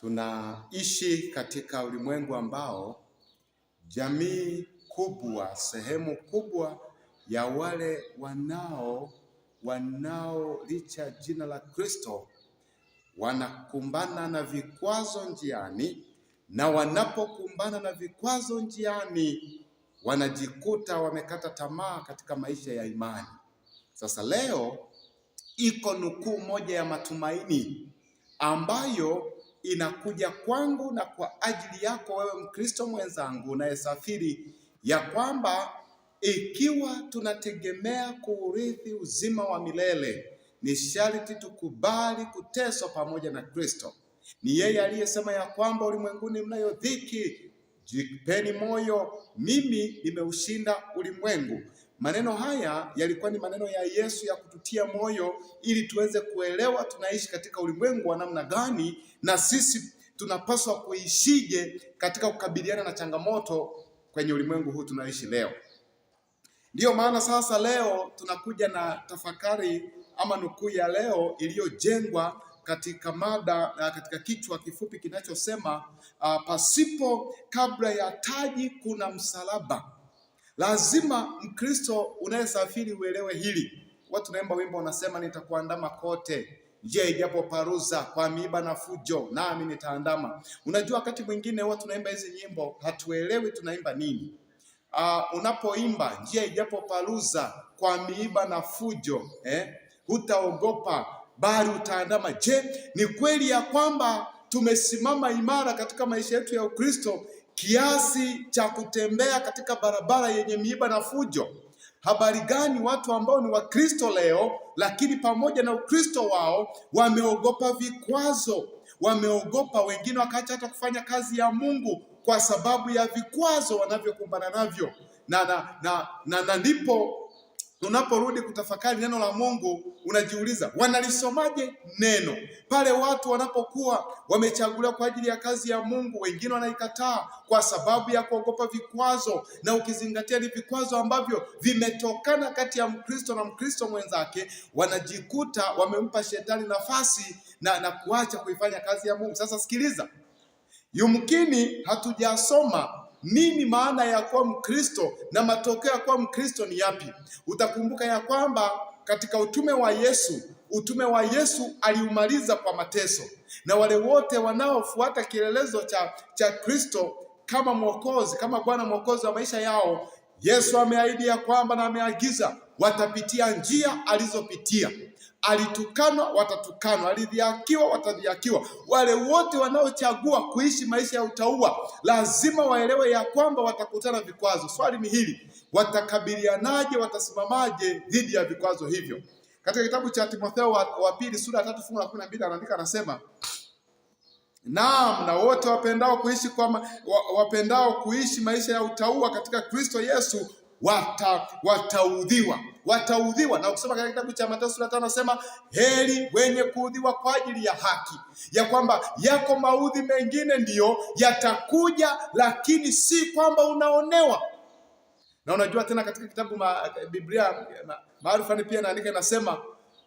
Tunaishi katika ulimwengu ambao jamii kubwa, sehemu kubwa ya wale wanao wanao licha jina la Kristo wanakumbana na vikwazo njiani, na wanapokumbana na vikwazo njiani wanajikuta wamekata tamaa katika maisha ya imani. Sasa leo iko nukuu moja ya matumaini ambayo inakuja kwangu na kwa ajili yako wewe Mkristo mwenzangu unayesafiri, ya kwamba ikiwa tunategemea kuurithi uzima wa milele, ni sharti tukubali kuteswa pamoja na Kristo. Ni yeye aliyesema ya kwamba ulimwenguni mnayo dhiki, jipeni moyo, mimi nimeushinda ulimwengu. Maneno haya yalikuwa ni maneno ya Yesu ya kututia moyo ili tuweze kuelewa tunaishi katika ulimwengu wa namna gani na sisi tunapaswa kuishije katika kukabiliana na changamoto kwenye ulimwengu huu tunaishi leo. Ndiyo maana sasa leo tunakuja na tafakari ama nukuu ya leo iliyojengwa katika mada katika kichwa kifupi kinachosema uh, pasipo kabla ya taji kuna msalaba. Lazima Mkristo unayesafiri uelewe hili. Watu tunaimba wimbo unasema, nitakuandama kote njia ijapo paruza kwa miiba na fujo, nami nitaandama. Unajua, wakati mwingine watu tunaimba hizi nyimbo hatuelewi tunaimba nini. Uh, unapoimba njia ijapo paruza kwa miiba na fujo eh, hutaogopa bali utaandama. Je, ni kweli ya kwamba tumesimama imara katika maisha yetu ya Ukristo kiasi cha kutembea katika barabara yenye miiba na fujo. Habari gani watu ambao ni Wakristo leo, lakini pamoja na Ukristo wao wameogopa vikwazo, wameogopa wengine wakaacha hata kufanya kazi ya Mungu kwa sababu ya vikwazo wanavyokumbana navyo na, na, na, na, na ndipo unaporudi kutafakari neno la Mungu, unajiuliza wanalisomaje neno? Pale watu wanapokuwa wamechaguliwa kwa ajili ya kazi ya Mungu, wengine wanaikataa kwa sababu ya kuogopa vikwazo, na ukizingatia ni vikwazo ambavyo vimetokana kati ya Mkristo na Mkristo mwenzake, wanajikuta wamempa shetani nafasi na, na kuacha kuifanya kazi ya Mungu. Sasa sikiliza, yumkini hatujasoma nini maana ya kuwa Mkristo na matokeo ya kuwa Mkristo ni yapi? Utakumbuka ya kwamba katika utume wa Yesu, utume wa Yesu aliumaliza kwa mateso, na wale wote wanaofuata kielelezo cha cha Kristo kama Mwokozi, kama Bwana Mwokozi wa maisha yao, Yesu ameahidi ya kwamba na ameagiza watapitia njia alizopitia. Alitukanwa watatukanwa, alidhiakiwa watadhiakiwa. Wale wote wanaochagua kuishi maisha ya utaua lazima waelewe ya kwamba watakutana vikwazo. Swali ni hili, watakabilianaje? Watasimamaje dhidi ya vikwazo hivyo? Katika kitabu cha Timotheo wa, wa pili sura ya tatu fungu la kumi na mbili anaandika anasema, naam, na wote wapendao kuishi kwa ma, wapendao kuishi maisha ya utaua katika Kristo Yesu wata wataudhiwa wataudhiwa na ukisoma katika kitabu cha Mathayo sura tano nasema heri wenye kuudhiwa kwa ajili ya haki, ya kwamba yako maudhi mengine ndiyo yatakuja, lakini si kwamba unaonewa. Na unajua tena katika kitabu ma, Biblia maarufu pia inaandika inasema,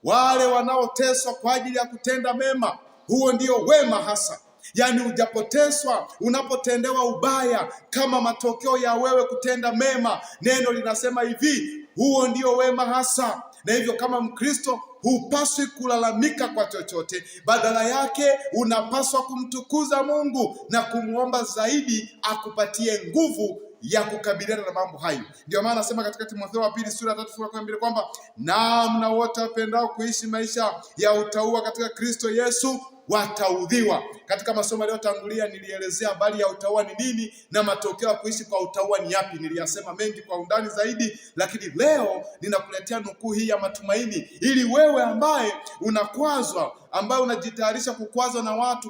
wale wanaoteswa kwa ajili ya kutenda mema, huo ndio wema hasa Yaani hujapoteswa unapotendewa ubaya kama matokeo ya wewe kutenda mema. Neno linasema hivi, huo ndio wema hasa. Na hivyo kama Mkristo hupaswi kulalamika kwa chochote, badala yake unapaswa kumtukuza Mungu na kumwomba zaidi akupatie nguvu ya kukabiliana na mambo hayo. Ndio maana anasema katika Timotheo wa pili sura ya tatu fungu la kumi na mbili kwamba naam, na wote wapendao kuishi maisha ya utauwa katika Kristo Yesu wataudhiwa. Katika masomo yaliyotangulia nilielezea habari ya utaua ni nini na matokeo ya kuishi kwa utaua ni yapi. Niliyasema mengi kwa undani zaidi, lakini leo ninakuletea nukuu hii ya matumaini, ili wewe ambaye unakwazwa, ambaye unajitayarisha kukwazwa na watu,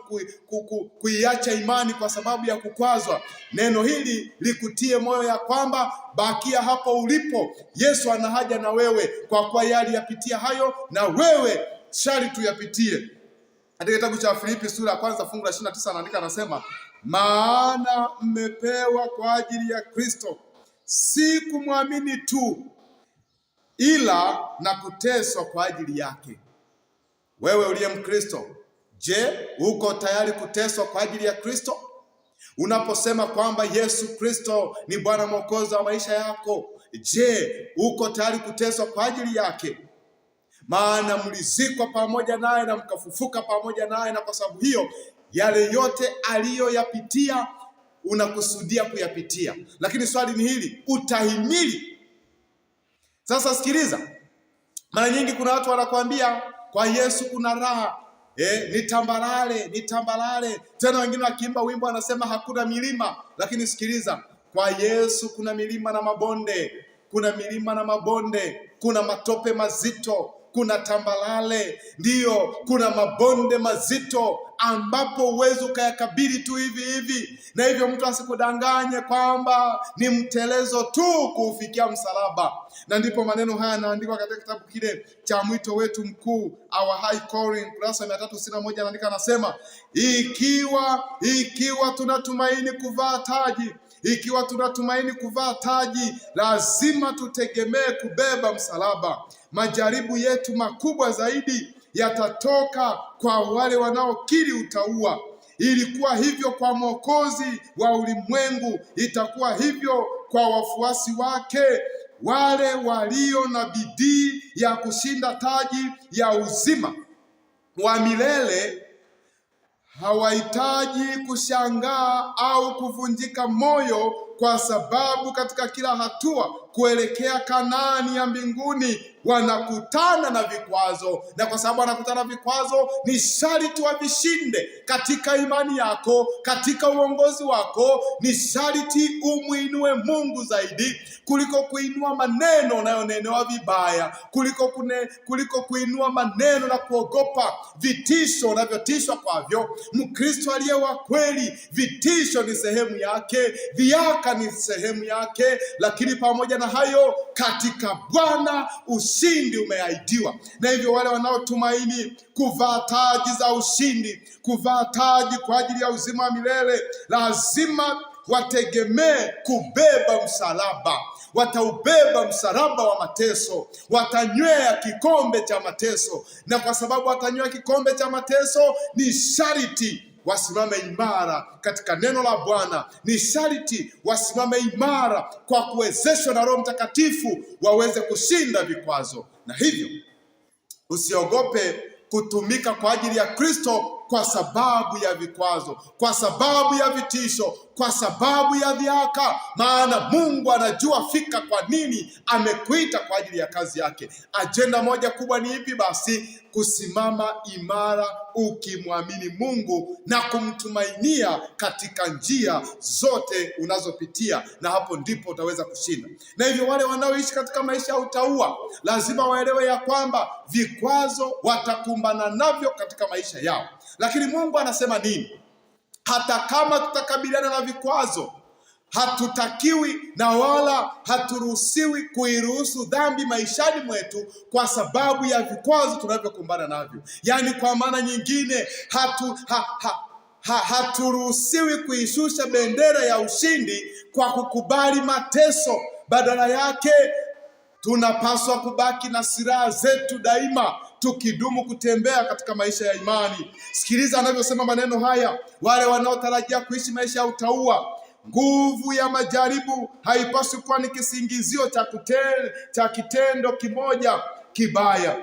kuiacha imani kwa sababu ya kukwazwa, neno hili likutie moyo ya kwamba bakia hapo ulipo. Yesu ana haja na wewe, kwa kuwa yeye aliyapitia hayo, na wewe shari tuyapitie. Katika kitabu cha Filipi sura ya kwanza fungu la 29 anaandika anasema, maana mmepewa kwa ajili ya Kristo si kumwamini tu, ila na kuteswa kwa ajili yake. Wewe uliye Mkristo, je, uko tayari kuteswa kwa ajili ya Kristo? Unaposema kwamba Yesu Kristo ni Bwana Mwokozi wa maisha yako, je, uko tayari kuteswa kwa ajili yake? maana mlizikwa pamoja naye na mkafufuka pamoja naye, na kwa sababu hiyo yale yote aliyoyapitia unakusudia kuyapitia. Lakini swali ni hili, utahimili? Sasa sikiliza, mara nyingi kuna watu wanakuambia kwa Yesu kuna raha eh, ni tambalale, ni tambalale. Tena wengine wakiimba wimbo wanasema hakuna milima, lakini sikiliza, kwa Yesu kuna milima na mabonde, kuna milima na mabonde, kuna matope mazito kuna tambalale, ndiyo, kuna mabonde mazito ambapo uwezi ukayakabili tu hivi hivi, na hivyo mtu asikudanganye kwamba ni mtelezo tu kuufikia msalaba. Na ndipo maneno haya yanaandikwa katika kitabu kile cha mwito wetu mkuu, Our High Calling, kurasa mia tatu sitini na moja, anaandika anasema, ikiwa ikiwa tunatumaini kuvaa taji ikiwa tunatumaini kuvaa taji, lazima tutegemee kubeba msalaba. Majaribu yetu makubwa zaidi yatatoka kwa wale wanaokiri utaua Ilikuwa hivyo kwa Mwokozi wa ulimwengu, itakuwa hivyo kwa wafuasi wake wale walio na bidii ya kushinda taji ya uzima wa milele hawahitaji kushangaa au kuvunjika moyo, kwa sababu katika kila hatua kuelekea Kanaani ya mbinguni wanakutana na vikwazo, na kwa sababu wanakutana na vikwazo, ni sharti wavishinde katika imani yako, katika uongozi wako. Ni sharti umwinue Mungu zaidi kuliko kuinua maneno unayonenewa vibaya, kuliko, kune, kuliko kuinua maneno na kuogopa vitisho unavyotishwa kwavyo. Mkristo aliye wa kweli, vitisho ni sehemu yake, viaka ni sehemu yake, lakini pamoja na hayo katika Bwana ushindi umeahidiwa. Na hivyo wale wanaotumaini kuvaa taji za ushindi, kuvaa taji kwa ajili ya uzima wa milele, lazima wategemee kubeba msalaba. Wataubeba msalaba wa mateso, watanywea kikombe cha mateso, na kwa sababu watanywea kikombe cha mateso, ni sharti wasimame imara katika neno la Bwana. Ni sharti wasimame imara kwa kuwezeshwa na Roho Mtakatifu waweze kushinda vikwazo, na hivyo usiogope kutumika kwa ajili ya Kristo kwa sababu ya vikwazo, kwa sababu ya vitisho, kwa sababu ya dhihaka. Maana Mungu anajua fika kwa nini amekuita kwa ajili ya kazi yake. Ajenda moja kubwa ni ipi? Basi kusimama imara ukimwamini Mungu na kumtumainia katika njia zote unazopitia, na hapo ndipo utaweza kushinda. Na hivyo wale wanaoishi katika maisha ya utaua lazima waelewe ya kwamba vikwazo watakumbana navyo katika maisha yao. Lakini Mungu anasema nini? Hata kama tutakabiliana na vikwazo, hatutakiwi na wala haturuhusiwi kuiruhusu dhambi maishani mwetu kwa sababu ya vikwazo tunavyokumbana navyo. Yaani kwa maana nyingine, hatu ha, ha, ha, haturuhusiwi kuishusha bendera ya ushindi kwa kukubali mateso. Badala yake tunapaswa kubaki na silaha zetu daima tukidumu kutembea katika maisha ya imani. Sikiliza anavyosema maneno haya, wale wanaotarajia kuishi maisha ya utaua Nguvu ya majaribu haipaswi kuwa ni kisingizio cha kutel, cha kitendo kimoja kibaya.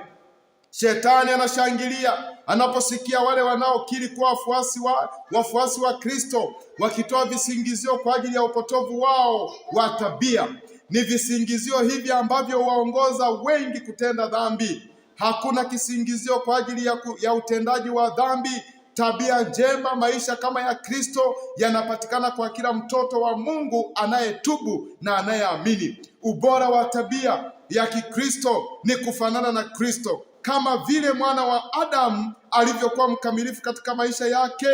Shetani anashangilia anaposikia wale wanaokiri kuwa wafuasi wa, wafuasi wa Kristo wakitoa visingizio kwa ajili ya upotovu wao wa tabia. Ni visingizio hivi ambavyo waongoza wengi kutenda dhambi hakuna kisingizio kwa ajili ya, ku, ya utendaji wa dhambi. Tabia njema, maisha kama ya Kristo yanapatikana kwa kila mtoto wa Mungu anayetubu na anayeamini. Ubora wa tabia ya Kikristo ni kufanana na Kristo. Kama vile mwana wa Adamu alivyokuwa mkamilifu katika maisha yake,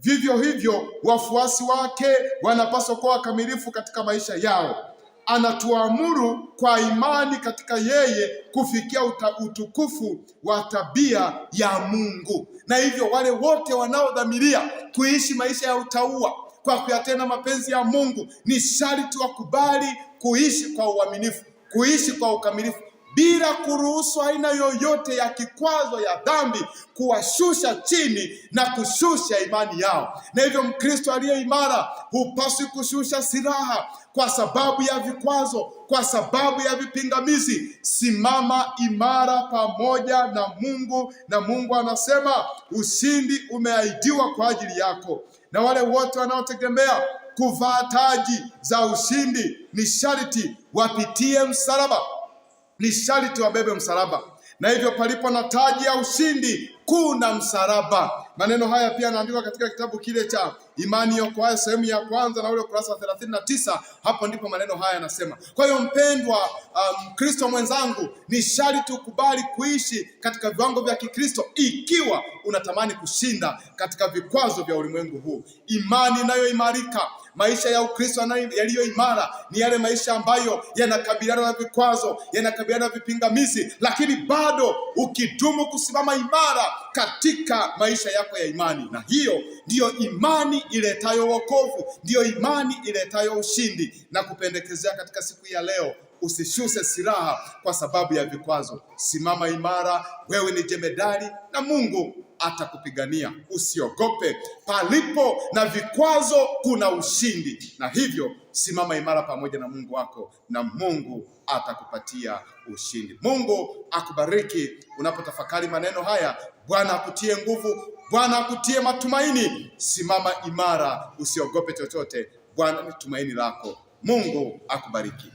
vivyo hivyo wafuasi wake wanapaswa kuwa wakamilifu katika maisha yao anatuamuru kwa imani katika yeye kufikia uta, utukufu wa tabia ya Mungu. Na hivyo wale wote wanaodhamiria kuishi maisha ya utauwa kwa kuyatenda mapenzi ya Mungu ni sharti wakubali kuishi kwa uaminifu, kuishi kwa ukamilifu bila kuruhusu aina yoyote ya kikwazo ya dhambi kuwashusha chini na kushusha imani yao. Na hivyo Mkristo aliye imara hupaswi kushusha silaha kwa sababu ya vikwazo, kwa sababu ya vipingamizi. Simama imara pamoja na Mungu, na Mungu anasema ushindi umeahidiwa kwa ajili yako. Na wale wote wanaotegemea kuvaa taji za ushindi ni sharti wapitie msalaba ni sharti wabebe msalaba, na hivyo palipo na taji ya ushindi kuna msalaba. Maneno haya pia yanaandikwa katika kitabu kile cha imani iokoayo sehemu ya kwanza na ule ukurasa wa thelathini na tisa. Hapo ndipo maneno haya yanasema. Kwa hiyo mpendwa Mkristo um, mwenzangu, ni sharti ukubali kuishi katika viwango vya Kikristo ikiwa unatamani kushinda katika vikwazo vya ulimwengu huu. Imani inayoimarika, maisha ya Ukristo yaliyo imara ni yale maisha ambayo yanakabiliana na vikwazo, yanakabiliana na vipingamizi, lakini bado ukidumu kusimama imara katika maisha yako ya imani, na hiyo ndiyo imani iletayo wokovu, ndiyo imani iletayo ushindi. Na kupendekezea katika siku ya leo, usishuse silaha kwa sababu ya vikwazo. Simama imara, wewe ni jemedari na Mungu atakupigania. Usiogope, palipo na vikwazo kuna ushindi, na hivyo simama imara pamoja na Mungu wako na Mungu atakupatia ushindi. Mungu akubariki unapotafakari maneno haya. Bwana akutie nguvu, Bwana akutie matumaini. Simama imara, usiogope chochote. Bwana ni tumaini lako. Mungu akubariki.